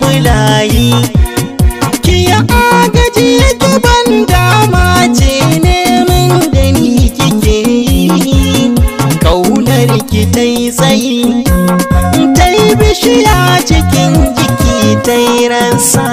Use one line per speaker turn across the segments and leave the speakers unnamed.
bulayi ki ya agaji yake ban dama ce neman da ni kike kaunar ki tai tsayi ta bishiya cikin jiki tai ransa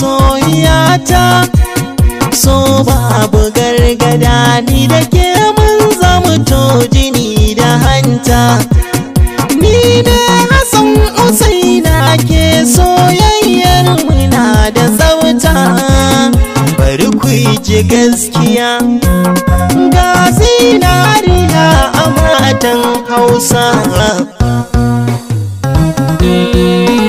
soyata so babu gargada ni da ke mun zama to jini da hanta ni da hasan usaina ke soyayyar muna da zauta bari ku ji gaskiya ga zinariya a matan hausa
eh.